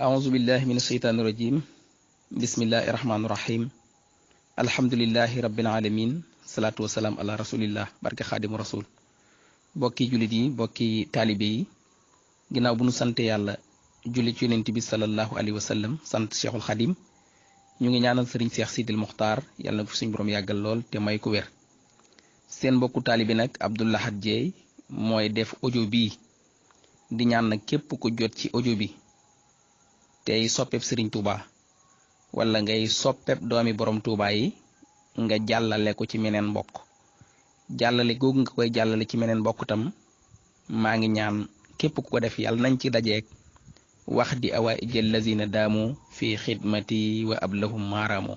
أعوذ بالله من الشيطان الرجيم بسم الله الرحمن الرحيم الحمد لله رب العالمين صلاة والسلام على رسول الله barke xaadimu rasul bokki jullit yi bokki taalibe yi ginnaaw bu nu sant yàlla julli ci yonent bi sallallahu alayhi wa sallam sant Cheikhul Xadim ñu ngi ñaanal sëriñ Cheikh Sidil Muxtaar yàlla na ko suñu borom yàggal lool te may ko wér seen mbokku taalibe nag Abdou Lahad mooy def audio bii di ñaan nag képp ko jot ci audio bi tey soppeb sëriñ Touba walla ngay soppeb doomi borom Touba yi nga jàllale ko ci meneen mbokk jàllale googu nga koy jàllale ci meneen mbokk maa ngi ñaan képp ku ko def yàlla nañ ci dajeeg wax di awaa ijël lazina daamu fi xidmati wa ab lahum maaraamu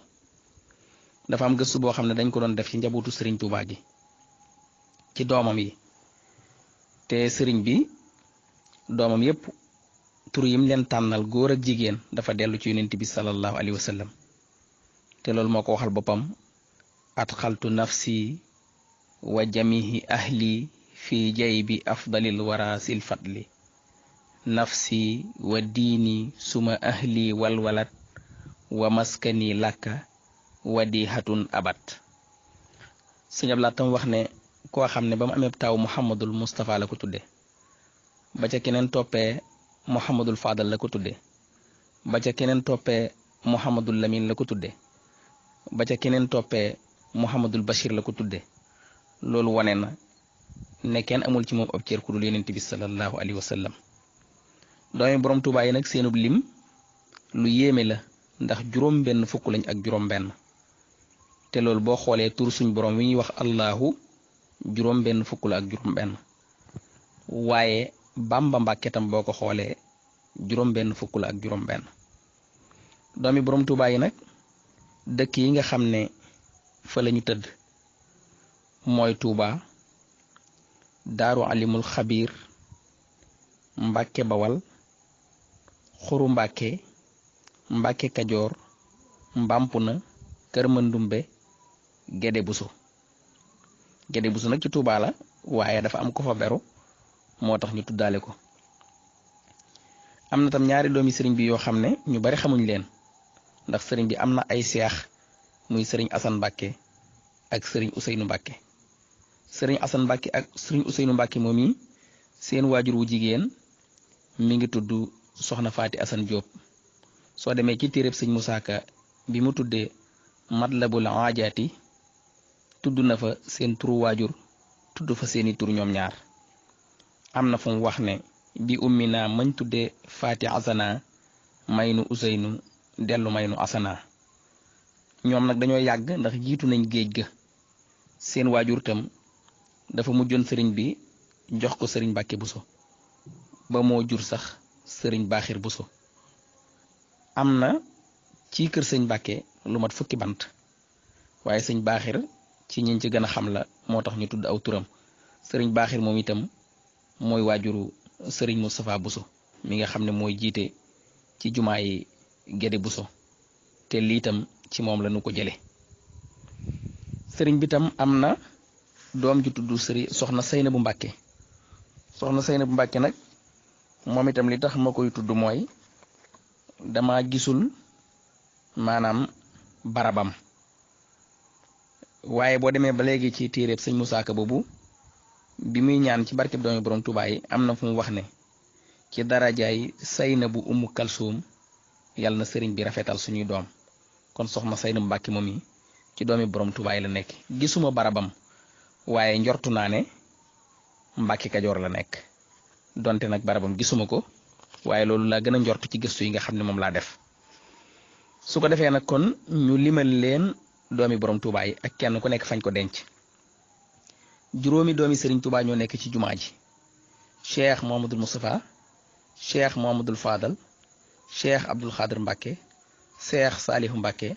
dafa am gëstu boo xam ne dañ ko doon def ci njabootu sëriñ Touba gi ci doomam yi te sëriñ bi doomam yépp tur yim leen tànnal góor ak jigéen dafa dellu ci yonent bi sallallahu alayhi wa sallam te loolu moo ko waxal boppam adxaltu nafsi wa jamihi ahli fi bi afdalil warasil fadli nafsi wa diini suma ahli walwalat wa maskani làkka wa di hatun abat sëñ Abdou tam wax ne koo xam ne ba mu amee taaw Muhammadul Mustafa la ko tudde ba ca keneen toppee Mouhamadul Fadal la ko tuddee ba ca keneen toppee Mouhamadul Lamine la ko tuddee ba ca keneen toppee Mouhamadul Bachir la ko tuddee loolu wane na ne kenn amul ci moom ab cër ku dul yonent bi sallallahu alayhi wa sallam doomi borom Tuubaa yi nag seenub lim lu yéeme la ndax juróom-benn fukk lañ ak juróom te loolu boo xoolee tur suñ borom wi ñuy wax Allahu juróom-benn fukk la ak juróom-benn waaye. Bamba Mbàkke tam boo ko xoolee juróom-benn fukk la ak juróom doomi borom Tuubaa yi nag dëkk yi nga xam ne fa lañu tëdd mooy Tuubaa Daaru Alimul Xabiir Mbàkke Bawal Xuru Mbàkke Mbàkke Kajoor Mbampuna Kër Mandumbe Gede Busu Gede Busu nag ci Tuubaa la waaye dafa am ko fa beru moo tax ñu tuddaale ko am na tam ñaari doomi sëriñ bi yoo xam ne ñu bari xamuñ leen ndax sëriñ bi am na ay seex muy sëriñ Assane Mbacke ak sëriñ Ousseynou Mbacke sëriñ Assane Mbacke ak sëriñ Ousseynou Mbacke moom yi seen waajur wu jigéen mu ngi tudd soxna Faati Assane Diop soo demee ci téereb sëñ Moussa Ka bi mu tuddee mat Matlabul Haajaati tudd na fa seen turu waajur tudd fa seeni tur ñoom ñaar am na fu mu wax ne bi ummi naa mañ tuddee faati asana may nu useynu dellu may nu asana ñoom nag dañoo yàgg ndax jiitu nañ géej ga seen waajur tam dafa mujjoon sëriñ bi jox ko sëriñ Bàkke so ba moo jur sax sëriñ Baaxir Buso am na ci kër sëñ Bàkke lu mat fukki bant waaye sëñ Baaxir ci ñiñ ci gën a xam la moo tax ñu tudd aw turam sëriñ Baaxir moom itam mooy waajuru sëriñ Serigne Moustapha Bousso mi nga xam ne mooy jiite ci jumaa yi bu so te lii tam ci moom la ko jële sëriñ bi tam am na doom ju tudd sëri soxna Seyna bu Mbàkke soxna Seyna bu Mbàkke nag moom itam li tax ma koy tudd mooy dama gisul maanaam barabam waaye boo demee ba léegi ci téeréb sëñ Musaa Ka boobu bi muy ñaan ci barkeb doomi borom Tuubaa am na fu mu wax ne ci dara darajaay sayna bu umu kalsuum yàlla na sëriñ bi rafetal suñuy doom kon sox ma soxna sayna Mbàkke moom yi ci doomi borom Tuubaa la nekk gisuma barabam waaye njortu naa ne Mbàkke Kajoor la nekk donte nag barabam gisuma ko waaye loolu laa gën a njortu ci gëstu yi nga xam ne moom laa def su ko defee nag kon ñu limal leen doomi borom Tuubaa ak kenn ku nekk fañ ko denc juróomi doomi sëriñ Touba ñoo nekk ci jumaa ji cheikh Mohamadul Moustapha cheikh Mohamadul Fadal cheikh Abdoul Khader Mbacke cheikh Salihu Mbacke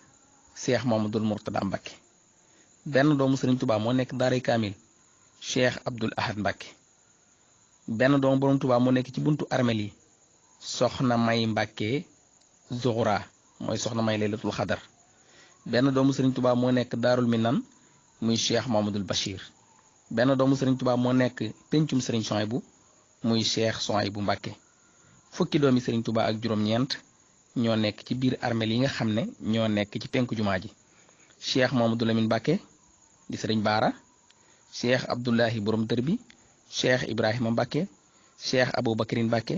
cheikh Mohamadul Mourtada Mbacke benn doomu sëriñ Touba moo nekk daaray cheikh Abdoul Ahad Mbacke benn doomu borom Touba moo nekk ci buntu armel yi soxna May Mbacke Zuhra mooy soxna May Laylatul Xadar benn doomu Serigne tubaab moo nekk daarul Minan muy cheikh Mohamadul Bachir. benn doomu Serigne tubaab moo nekk pencum Serigne bu muy Cheikh bu Mbacké fukki doomi Serigne tubaab ak juróom-ñeent ñoo nekk ci biir armeel yi nga xam ne ñoo nekk ci penku jumaa ji Cheikh Mamadou Lamine Mbacké di Serigne Baara Cheikh Abdoulahi Borom dër bi Cheikh Ibrahima Mbacké Cheikh Aboubacrine Mbacké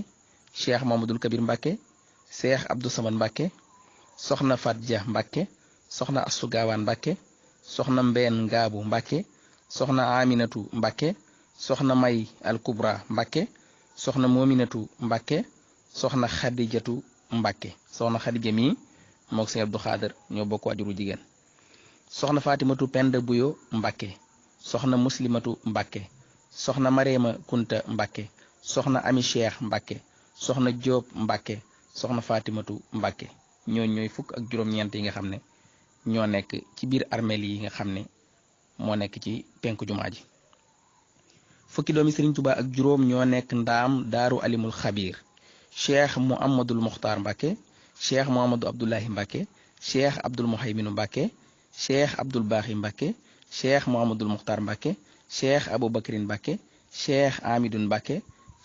Cheikh Mamadou Kabir Mbacké Cheikh Abdou Samad Mbacké soxna Fat Dia Mbacké soxna Assou Gawane Mbacké soxna Mbeen Ngaabu Mbacké soxna Aminatu Mbacke soxna May al-Kubra soxna Mominatu Mbacke soxna Xadijatu Mbacke soxna Xadija mii moog sëñ Abdou Khader ñoo bokk waajuru jigéen soxna Fatimatu Penda Buyo Mbacke soxna Muslimatu Mbacke soxna Marema Kunta Mbacke soxna Ami Cheikh Mbacke soxna Diop Mbacke soxna Fatimatu Mbacke ñooñu ñooy fukk ak juróom-ñeent yi nga xam ne ñoo nekk ci biir armeel yi nga xam ne moo nekk ci penku jumaa ji fukki doomi Serigne Touba ak juróom ñoo nekk ndaam daaru alimul xabiir cheikh Muhammadul Muxtaar Mbacke cheikh Muhammadu Abdullahi Mbacke cheikh Abdul Muhayminu Mbacke cheikh Abdul Baaxi Mbacke cheikh Muhammadul Muxtaar Mbacke cheikh Aboubacrin Mbacke cheikh Amidun Mbacke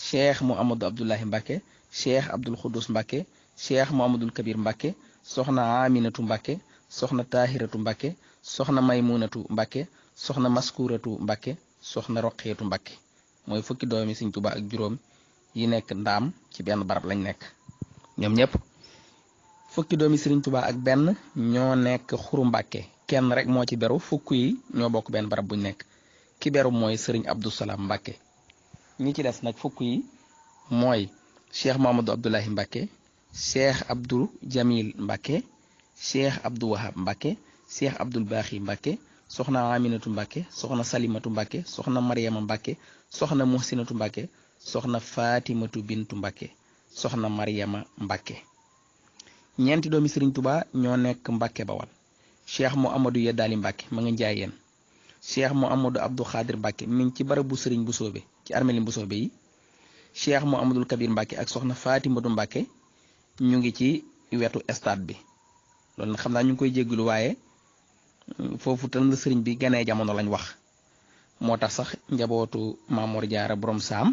cheikh Muhammadu Abdullahi Mbacke cheikh Abdul Xudus Mbacke cheikh Muhammadul Kabir Mbacke soxna Aminatu Mbacke soxna Tahiratu Mbacke soxna Maymunatu Mbacke soxna maskuratu mbakke soxna roqeetu mbakke mooy fukki doomi sëñ tubaa ak juróom yi nekk ndaam ci benn barab lañ nekk ñoom ñëpp fukki doomi sëriñ tubaa ak benn ñoo nekk xuru mbàkke kenn rek moo ci beru fukk yi ñoo bokk benn barab buñ nekk ki beru mooy sëriñ Abdou Salam Mbàkke ñi ci des nag fukk yi mooy cheikh Mamadou Abdoulahi Mbàkke cheikh Abdou Jamil Mbàkke cheikh Abdou Wahab Mbàkke cheikh Abdoul Baaxi Mbàkke soxna Aminatu Mbàkke soxna Salimatu Mbàkke soxna Mariama Mbàkke soxna Muhsinatu Mbàkke soxna Fatimatu Bintu Mbàkke soxna Mariama Mbàkke ñeenti doomi Sëriñ Tuubaa ñoo nekk Mbàkke Bawal Cheikh Mouhamadou Yeddaali Mbàkke ma ngi njaayeen Cheikh Mouhamadou Abdou Khadir Mbàkke mi ngi ci barabu Sëriñ Busoobe ci armeli Busoobe yi Cheikh amadul Kabir Mbàkke ak soxna Fatimatu Mbàkke ñu ngi ci wetu stade bi loolu nag xam naa ñu ngi koy jéggulu waaye foofu tam sëriñ bi ganee jamono lañ wax moo tax sax njabootu Maamoor Jaara borom saam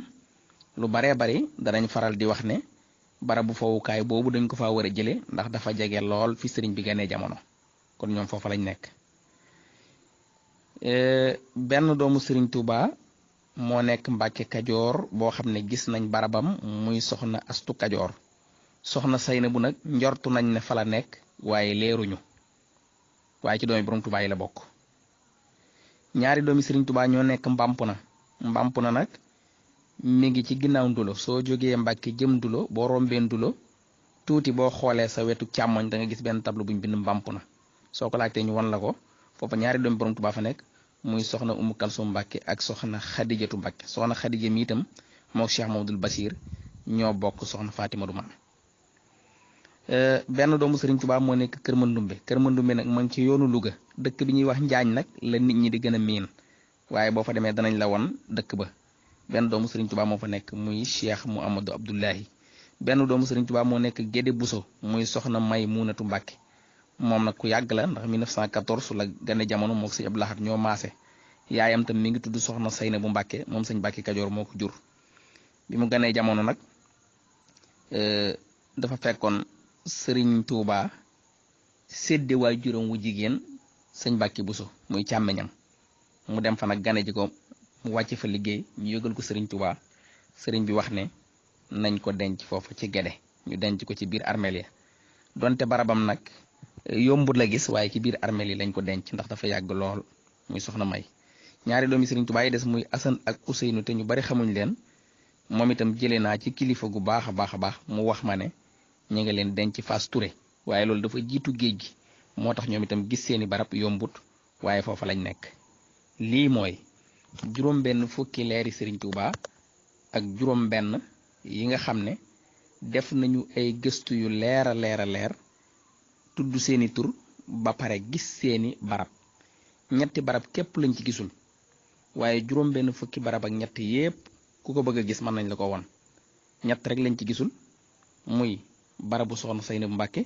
lu baree bari danañ faral di wax ne barabu fowukaay boobu dañ ko faa war a jëlee ndax dafa jege lool fi sëriñ bi ganee jamono kon ñoom foofa lañ nekk. benn doomu sëriñ Touba moo nekk Mbàkke Kajoor boo xam ne gis nañ barabam muy soxna astu Kajoor soxna Sayna bu nag njortu nañ ne fa la nekk waaye leeruñu. waaye ci doomi borom Tuubaa la bokk ñaari doomi Serigne Touba ñoo nekk na Mbampuna na nag mu ngi ci ginnaaw Ndulo soo jógee Mbàkke jëm Ndulo boo rombee Ndulo tuuti boo xoolee sa wetu càmmoñ da gis benn tableau bu ñu bind na soo ko laajtee ñu wan la ko foofa ñaari doomi borom Tuubaa fa nekk muy soxna Umu Kalsum Mbàkke ak soxna Xadijatu Mbàkke soxna Xadija mi itam moog Cheikh Mamadul Basir ñoo bokk soxna Fatima du Maam Eh, benn doomu Serigne Touba moo nekk Kër Mandumbe Kër Mandumbe nag ma ngi ci yoonu Louga dëkk bi ñuy wax Njaañ nag la nit ñi di gën a miin waaye boo fa demee danañ la won dëkk ba benn doomu Serigne Touba moo fa nekk muy Cheikh Mouhamadou Abdoulahi benn doomu Serigne Touba moo nekk Gédé Bousso muy Soxna May Muunatu Mbàkke moom nag ku yàgg la ndax 1914 la gane jamono moo sëñ Abdou Lahad ñoo maase yaayam tam mi ngi tudd Soxna Sayna bu Mbàkke moom sañ Mbàkke Kajoor moo ko jur bi jamono nag eh, sëriñ Touba sédde waajuram wu jigéen sëñ Bàkki Buso muy càmmeñam mu dem fa nag gane ko mu wàcce fa liggéey ñu yëgal ko sëriñ Touba sëriñ bi wax ne nañ ko denc foofa ci gede ñu denc ko ci biir armeel ya donte barabam nag eh, yombut la gis waaye ci biir armeel yi lañ ko denc ndax dafa yàgg lool muy soxna May ñaari doomi sëriñ Touba yi des muy Asan ak Useynu te ñu bari xamuñ leen moom itam jëlee naa ci kilifa gu baax a baax a baax mu wax ma ne ñu nga leen denc fas ture waaye loolu dafa jiitu géej gi moo tax ñoom itam gis seeni barab yombut waaye foofa lañu nekk lii mooy juróom-benn fukki leeri sëriñ Touba ak juróom-benn yi nga xam ne def nañu ay gëstu yu leer a leer a leer tudd seeni tur ba pare gis seeni barab ñetti barab képp lañ ci gisul waaye juróom-benn fukki barab ak ñett yépp ku ko bëgg gis mën nañ la ko won ñett rek lañ ci gisul muy. barabu soxna Seynab Mbàkke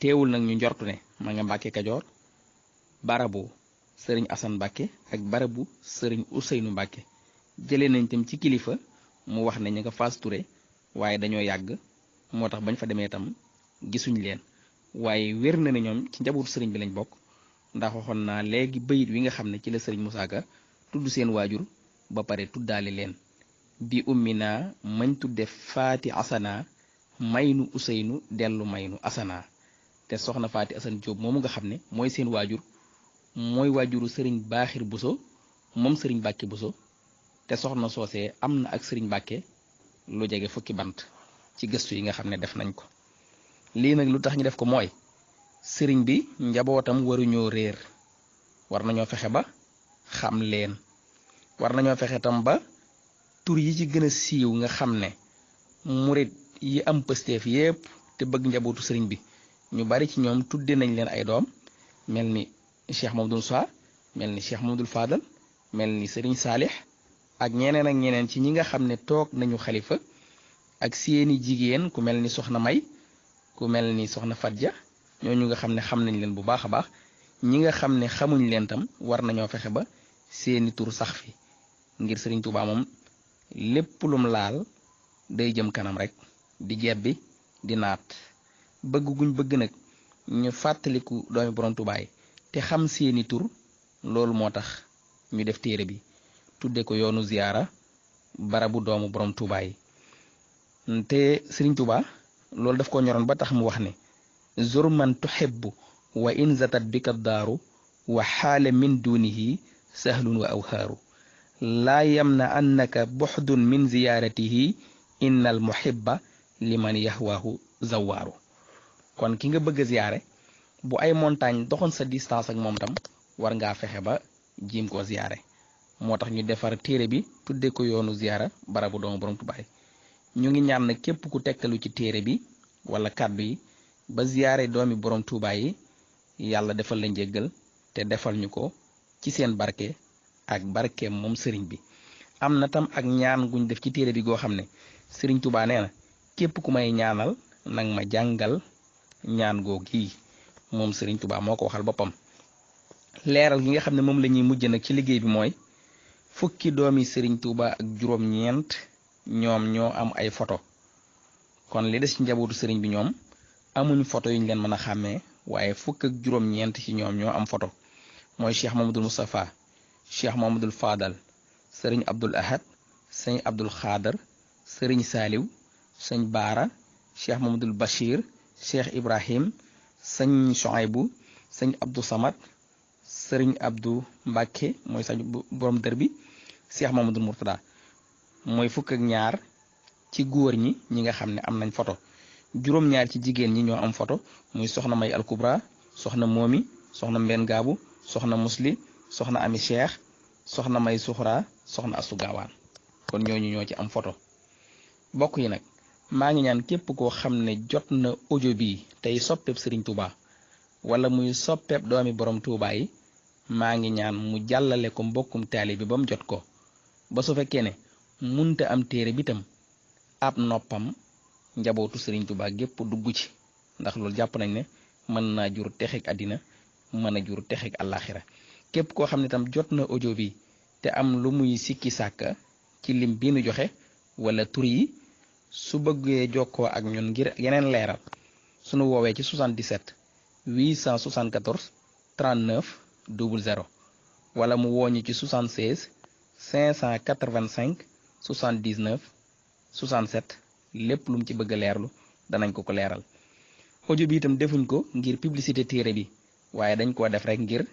teewul nag ñu njortu ne ma nga Mbàkke Kajoor barabu sëriñ Asan Mbàkke ak barabu sëriñ Useynu Mbàkke jëlee nañ tam ci kilifa mu wax ne ñu nga Faas Ture waaye dañoo yàgg moo tax bañ fa demee tam gisuñ leen waaye wér na ne ñoom ci njabootu sëriñ bi lañ bokk ndax waxoon naa léegi bayit wi nga xam ne ci la sëriñ Musaa Ka tudd seen waajur ba pare tuddaale leen bi ummi naa mañ tudde faati asana maynu useynu dellu maynu asana te soxna faati asan jóob moomu nga xam ne mooy seen waajur mooy waajuru sëriñ baaxir buso moom sëriñ bàkke buso te soxna soose am na ak sëriñ bàkke lu jege fukki bant ci gëstu yi nga xam ne def nañ ko lii nag lu tax ñu def ko mooy sëriñ bi njabootam waruñoo réer war nañoo fexe ba xam leen war nañoo fexe tam ba tur yi ci gën a siiw nga xam ne murit yi am pësteef yépp te bëgg njabootu sëriñ bi ñu bari ci ñoom tudde nañ leen ay doom mel ni cheikh Mamadou Sa mel ni cheikh dul Fadal mel ni sëriñ Saalix ak ñeneen ak ñeneen ci ñi nga xam ne toog nañu xalifa ak seeni jigéen ku mel ni soxna May ku mel ni soxna Fadja ñooñu nga xam ne xam nañ leen bu baax a baax ñi nga xam ne xamuñ leen tam war nañoo fexe ba seeni tur sax fi ngir sëriñ Tuubaa moom lépp laal day jëm kanam rek. di bi di naat bëgg guñ bëgg nag ñu fàttaliku doomi borom tubaay te xam seeni tur loolu moo tax ñu def téere bi tudde ko yoonu ziyaara barabu doomu borom tubaay te sëriñ tubaa loolu daf ko ñoroon ba tax mu wax ne zurman tuhibbu wa in zatat bika daaru wa xaale min dunihi sahlun wa awhaaru laa yamna annaka buxdun min ziyaaratihi inna al muhibba liman yahwahu zawaaru kon ki nga bëgg a ziyaare bu ay montagne doxoon sa distance ak moom tam war ngaa fexe ba jiim ko ziyaare moo tax ñu defar téere bi tudde ko yoonu ziyaara barabu doomu borom Tuubaa ñu ngi ñaan na képp ku tekkalu ci téere bi wala kàddu yi ba ziyaare doomi borom Tuubaa yi yàlla defal la njéggal te defal ñu ko ci seen barke ak barke moom sëriñ bi am na tam ak ñaan guñ def ci téere bi goo xam ne sëriñ Tuubaa nee na képp ku may ñaanal nag ma jàngal ñaan goo gii moom sëriñ Touba moo ko waxal boppam leeral gi nga xam ne moom lañuy mujj nag ci liggéey bi mooy fukki doom yi sëriñ Touba ak juróom-ñeent ñoom ñoo am ay photo kon li des ci njabootu sëriñ bi ñoom amuñ photo yu ñu leen mën a xàmmee waaye fukk ak juróom-ñeent ci ñoom ñoo am photo mooy Cheikh Mamadou Moustapha Cheikh Mamadou Fadal sëriñ Abdoul Ahad Serigne Abdoul Khader Serigne Saliw sëñ baara cheikh mamadul bachir cheikh ibrahim sëñ Chouaïbou sëñ abdou samad sëriñ abdou mbàkke mooy sañ borom dër bi cheikh mamadul murtada mooy fukk ak ñaar ci góor ñi ñi nga xam ne am nañ foto juróom-ñaar ci jigéen ñi ñoo am foto muy soxna may alkubra soxna moomi soxna mbenn gaabu soxna musli soxna ami cheikh soxna may suxra soxna asu gaawaan kon ñooñu ñoo ci am photo bokk yi nag maa ngi ñaan képp koo xam ne jot na audio bi tey soppeeb sëriñ Touba wala muy soppeeb doomi borom Touba yi maa ngi ñaan mu jàllale ko mbokkum taali bi ba mu jot ko ba su fekkee ne munta am téere bi tam ab noppam njabootu sëriñ Touba gépp dugg ci ndax loolu jàpp nañ ne mën naa jur texeeg àddina mën a jur texeeg àllaaxira képp koo xam ne tam jot na audio bi te am lu muy sikki sàkka ci lim bi nu joxe wala turi yi su bëggee jokkoo ak ñun ngir yeneen leeral sunu woowee ci 77 874 39 00 wala mu wooñu ci 76 585 79 67 lépp lu ci bëgg a leerlu danañ ko ko leeral ojo bi itam defuñ ko ngir publicité téere bi waaye dañ koo def rek ngir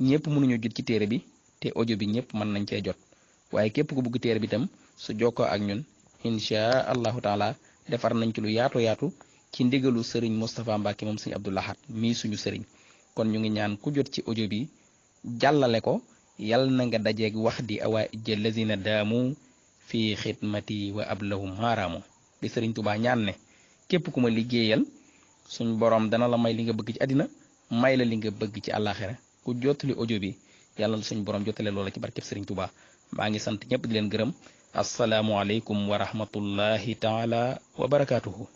ñëpp mënuñu jot ci téere bi te audio bi ñëpp mën nañ cee jot waaye képp ku bëgg téere bi itam su jokkoo ak ñun insha allahu taala defar nañ ci lu yaatu yaatu ci ndigalu sëriñ Moustapha Mbacke moom sëriñ Abdou Lahad mii suñu sëriñ kon ñu ngi ñaan ku jot ci audio bi jàllale ko yal na nga dajeeg wax di awaa ijja lazina daamu fii xidmati wa ablahum maaraamu di sëriñ tubaa ñaan ne képp ku ma liggéeyal suñ borom dana la may li nga bëgg ci àddina may la li nga bëgg ci àllaaxira ku jottali ojo bi yàlla suñu borom jottale loola ci barkeb sëriñ Touba maa ngi sant ñëpp di leen gërëm asalaamualeykum wa rahmatullahi taala wa barakaatuhu.